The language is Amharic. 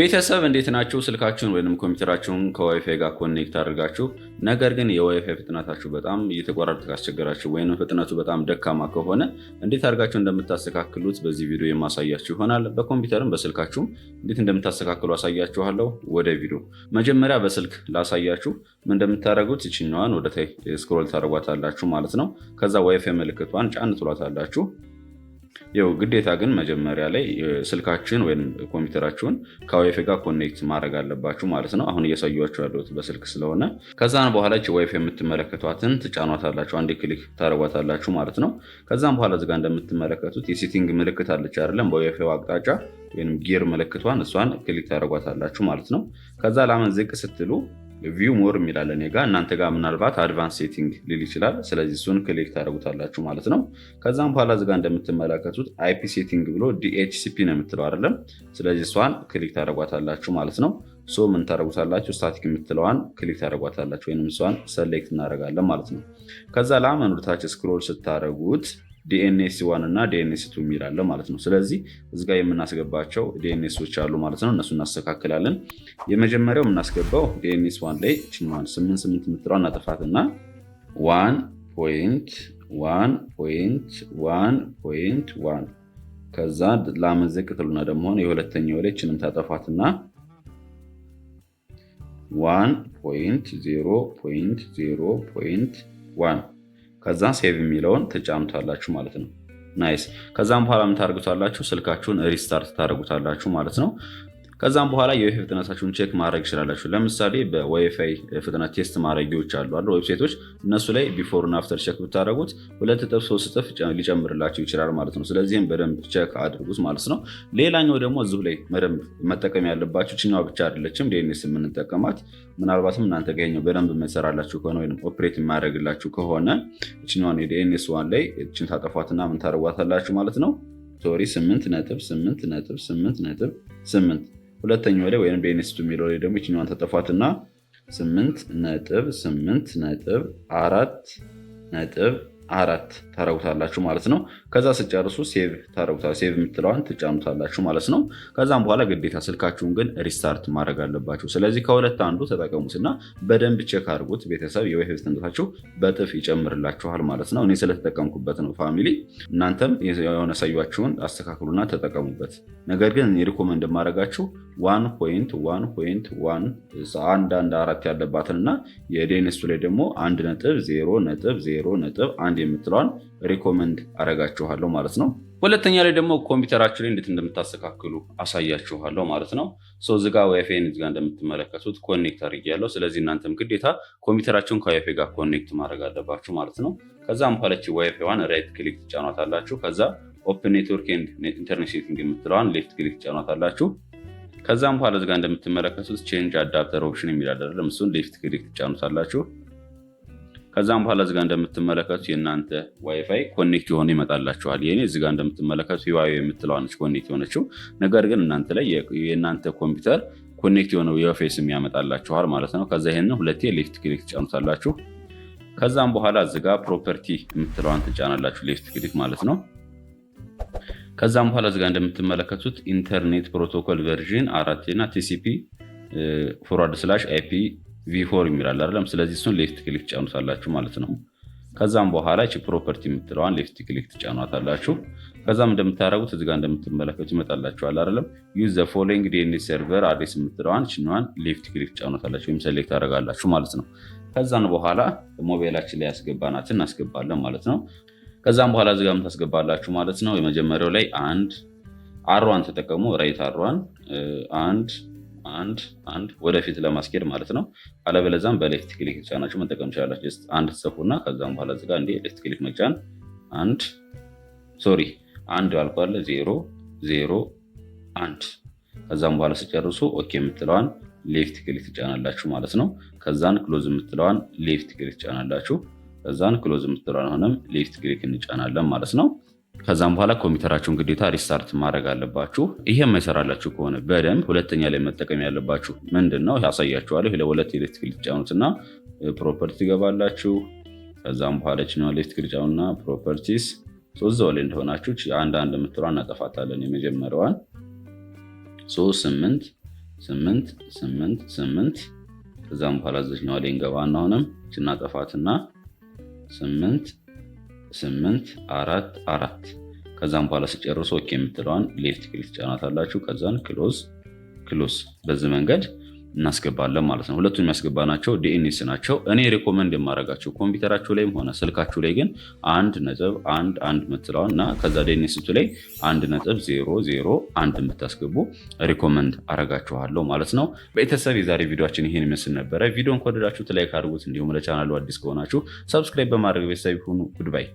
ቤተሰብ እንዴት ናችሁ? ስልካችሁን ወይም ኮምፒውተራችሁን ከዋይፋይ ጋር ኮኔክት አድርጋችሁ ነገር ግን የዋይፋይ ፍጥነታችሁ በጣም እየተቆራረጠ ካስቸገራችሁ ወይም ፍጥነቱ በጣም ደካማ ከሆነ እንዴት አድርጋችሁ እንደምታስተካክሉት በዚህ ቪዲዮ የማሳያችሁ ይሆናል። በኮምፒውተርም በስልካችሁም እንዴት እንደምታስተካክሉ አሳያችኋለሁ። ወደ ቪዲዮ መጀመሪያ በስልክ ላሳያችሁ። እንደምታደርጉት ይችኛዋን ወደታይ ስክሮል ታደርጓታላችሁ ማለት ነው። ከዛ ዋይፋይ ምልክቷን ጫን ትሏታላችሁ። ይው ግዴታ ግን መጀመሪያ ላይ ስልካችን ወይም ኮምፒውተራችሁን ከዋይፌ ጋር ኮኔክት ማድረግ አለባችሁ ማለት ነው። አሁን እያሳያችሁ ያለሁት በስልክ ስለሆነ ከዛን በኋላ ች ዋይፌ የምትመለከቷትን ትጫኗታላችሁ። አንድ ክሊክ ታደርጓታላችሁ ማለት ነው። ከዛም በኋላ እዚጋ እንደምትመለከቱት የሴቲንግ ምልክት አለች አይደለም? በዋይፌ አቅጣጫ ወይም ጊር ምልክቷን እሷን ክሊክ ታደርጓታላችሁ ማለት ነው። ከዛ ላመን ዝቅ ስትሉ ቪው ሞር የሚላለ እኔ ጋ እናንተ ጋር ምናልባት አድቫንስ ሴቲንግ ሊል ይችላል። ስለዚህ እሱን ክሊክ ታደርጉታላችሁ ማለት ነው። ከዛም በኋላ እዚጋ እንደምትመለከቱት አይፒ ሴቲንግ ብሎ ዲኤችሲፒ ነው የምትለው አይደለም። ስለዚህ እሷን ክሊክ ታደርጓታላችሁ ማለት ነው። ሶ ምን ታደርጉታላችሁ? ስታቲክ የምትለዋን ክሊክ ታደርጓታላችሁ ወይም እሷን ሰሌክት እናደርጋለን ማለት ነው። ከዛ ላመን ወደታች ስክሮል ስታደርጉት ዲኤንኤስ ዋን እና ዲኤንኤስ ቱ የሚል አለ ማለት ነው። ስለዚህ እዚ ጋር የምናስገባቸው ዲኤንኤሶች አሉ ማለት ነው። እነሱ እናስተካክላለን። የመጀመሪያው የምናስገባው ዲኤንኤስ ዋን ላይ ችማን ስምንት ስምንት የምትለዋ እናጠፋት እና ዋን ፖይንት ዋን ፖይንት ዋን ፖይንት ዋን ከዛ ላመዘቅትሉና ደግሞ የሁለተኛው ላይ ችንም ታጠፋት ታጠፋትና ዋን ፖይንት ዜሮ ፖይንት ዜሮ ፖይንት ዋን ከዛ ሴቭ የሚለውን ትጫኑታላችሁ ማለት ነው። ናይስ። ከዛም በኋላ ምን ታደርጉታላችሁ? ስልካችሁን ሪስታርት ታደርጉታላችሁ ማለት ነው። ከዛም በኋላ የዋይፋይ ፍጥነታችሁን ቼክ ማድረግ ይችላላችሁ። ለምሳሌ በዋይፋይ ፍጥነት ቴስት ማድረጊዎች አሉ አለ ዌብሳይቶች፣ እነሱ ላይ ቢፎር እና አፍተር ቼክ ብታደረጉት ሁለት እጥፍ ሶስት እጥፍ ሊጨምርላችሁ ይችላል ማለት ነው። ስለዚህም በደንብ ቼክ አድርጉት ማለት ነው። ሌላኛው ደግሞ እዚሁ ላይ በደንብ መጠቀም ያለባችሁ ችኛዋ ብቻ አይደለችም ዲኤንኤስ የምንጠቀማት ምናልባትም እናንተ ገኘው በደንብ መሰራላችሁ ከሆነ ወይም ኦፕሬት የማያደርግላችሁ ከሆነ እችኛዋን የዲኤንኤስ ዋን ላይ እችን ታጠፏትና ምን ታደርጓታላችሁ ማለት ነው ሶሪ ስምንት ነጥብ ስምንት ነጥብ ስምንት ነጥብ ስምንት ሁለተኛው ላይ ወይም ቤኔስቱ የሚለው ላይ ደግሞ ይችኛዋን ተጠፏትና ስምንት ነጥብ ስምንት ነጥብ አራት ነጥብ አራት ታረጉታላችሁ ማለት ነው። ከዛ ስጨርሱ ሴቭ ታረጉታ ሴቭ የምትለዋን ትጫኑታላችሁ ማለት ነው። ከዛም በኋላ ግዴታ ስልካችሁን ግን ሪስታርት ማድረግ አለባችሁ። ስለዚህ ከሁለት አንዱ ተጠቀሙትና በደንብ ቼክ አድርጉት ቤተሰብ፣ የዋይፋይ ፍጥነታችሁ በጥፍ ይጨምርላችኋል ማለት ነው። እኔ ስለተጠቀምኩበት ነው ፋሚሊ። እናንተም የሆነ ሰዩችሁን አስተካክሉና ተጠቀሙበት። ነገር ግን ሪኮመንድ ማድረጋችሁ ዋን ፖይንት ዋን ፖይንት ዋን አንድ አንድ አራት ያለባትን እና የዴንሱ ላይ ደግሞ አንድ ነጥብ ዜሮ ነጥብ ዜሮ ነጥብ አንድ የምትለዋን ሪኮመንድ አረጋችኋለሁ ማለት ነው። ሁለተኛ ላይ ደግሞ ኮምፒውተራችሁ ላይ እንዴት እንደምታስተካክሉ አሳያችኋለሁ ማለት ነው። እዚህ ጋር ዋይፋይን እዚጋ እንደምትመለከቱት ኮኔክት አድርጌያለሁ። ስለዚህ እናንተም ግዴታ ኮምፒውተራችሁን ከዋይፋይ ጋር ኮኔክት ማድረግ አለባችሁ ማለት ነው። ከዛም በኋላች ዋይፋይዋን ራይት ክሊክ ትጫኗታላችሁ። ከዛ ኦፕን ኔትወርክ ኢንተርኔት ሴቲንግ የምትለዋን ሌፍት ክሊክ ትጫኗታላችሁ። ከዛም በኋላ እዚጋ እንደምትመለከቱት ቼንጅ አዳፕተር ኦፕሽን የሚል አይደለም፣ እሱን ሌፍት ክሊክ ትጫኑታላችሁ። ከዛም በኋላ እዚጋ እንደምትመለከቱት የእናንተ ዋይፋይ ኮኔክት የሆነ ይመጣላችኋል። ይኔ እዚጋ እንደምትመለከቱት ሂዋዌ የምትለዋነች ኮኔክት የሆነችው ነገር ግን እናንተ ላይ የእናንተ ኮምፒውተር ኮኔክት የሆነው የፌስ የሚያመጣላችኋል ማለት ነው። ከዛ ይህንን ሁለቴ ሌፍት ክሊክ ትጫኑታላችሁ። ከዛም በኋላ እዚጋ ፕሮፐርቲ የምትለዋን ትጫናላችሁ፣ ሌፍት ክሊክ ማለት ነው። ከዛም በኋላ እዚጋ እንደምትመለከቱት ኢንተርኔት ፕሮቶኮል ቨርዥን አራት እና ቲሲፒ ፎርዋርድ ስላሽ አይፒ ቪፎር የሚላል አይደለም። ስለዚህ እሱን ሌፍት ክሊክ ጫኑታላችሁ ማለት ነው። ከዛም በኋላ እቺ ፕሮፐርቲ የምትለዋን ሌፍት ክሊክ ትጫኗታላችሁ። ከዛም እንደምታደረጉት እዚጋ እንደምትመለከቱ ይመጣላችኋል አይደለም። ዩዝ ዘ ፎሎዊንግ ዲኤንኤስ ሰርቨር አድሬስ የምትለዋን ችንዋን ሌፍት ክሊክ ጫኗታላችሁ ወይም ሰሌክት ታደረጋላችሁ ማለት ነው። ከዛን በኋላ ሞባይላችን ላይ ያስገባናትን እናስገባለን ማለት ነው። ከዛም በኋላ እዚጋ የምታስገባላችሁ ማለት ነው። የመጀመሪያው ላይ አንድ አሯን ተጠቀሙ ራይት አሯን አንድ አንድ አንድ ወደፊት ለማስኬድ ማለት ነው። አለበለዛም በሌፍት ክሊክ ጫናችሁ መጠቀም ትችላላችሁ። አንድ ትሰፉና ከዛም በኋላ ዚጋ እንዲ ሌፍት ክሊክ መጫን አንድ ሶሪ አንድ አልኳለ ዜሮ ዜሮ አንድ ከዛም በኋላ ስጨርሱ ኦኬ የምትለዋን ሌፍት ክሊክ ትጫናላችሁ ማለት ነው። ከዛን ክሎዝ የምትለዋን ሌፍት ክሊክ ትጫናላችሁ። ከዛን ክሎዝ የምትለዋን ሆነም ሌፍት ክሊክ እንጫናለን ማለት ነው። ከዛም በኋላ ኮምፒውተራችሁን ግዴታ ሪስታርት ማድረግ አለባችሁ። ይሄ የማይሰራላችሁ ከሆነ በደንብ ሁለተኛ ላይ መጠቀም ያለባችሁ ምንድን ነው ያሳያችኋለሁ። ለሁለት ኤሌክትሪክ ልጫኑትና ፕሮፐርቲ ትገባላችሁ። ከዛም በኋላ ችኛዋ ኤሌክትሪክ ልጫኑና ፕሮፐርቲስ ሶዛው ላይ እንደሆናችሁ አንድ አንድ የምትለዋ እናጠፋታለን። የመጀመሪያዋን ሶስት ስምንት ስምንት ስምንት ስምንት ከዛም በኋላ ዘኛዋ ላይ እንገባ አሁንም እናጠፋትና ስምንት ስምንት አራት አራት ከዛም በኋላ ስጨርሱ ኦኬ የምትለዋን ሌፍት ክሊክ ጫናታላችሁ። ከዛን ክሎዝ ክሎዝ። በዚህ መንገድ እናስገባለን ማለት ነው። ሁለቱም የሚያስገባ ናቸው፣ ዲኤንኤስ ናቸው። እኔ ሪኮመንድ የማደርጋቸው ኮምፒውተራችሁ ላይም ሆነ ስልካችሁ ላይ ግን አንድ ነጥብ አንድ አንድ የምትለዋን እና ከዛ ዲኤንኤስ ላይ አንድ ነጥብ ዜሮ ዜሮ አንድ የምታስገቡ ሪኮመንድ አረጋችኋለሁ ማለት ነው። ቤተሰብ የዛሬ ቪዲዮችን ይህን ይመስል ነበረ። ቪዲዮን ከወደዳችሁ ትላይክ አድርጉት፣ እንዲሁም ለቻናሉ አዲስ ከሆናችሁ ሰብስክራይብ በማድረግ ቤተሰብ ይሁኑ ጉድባይ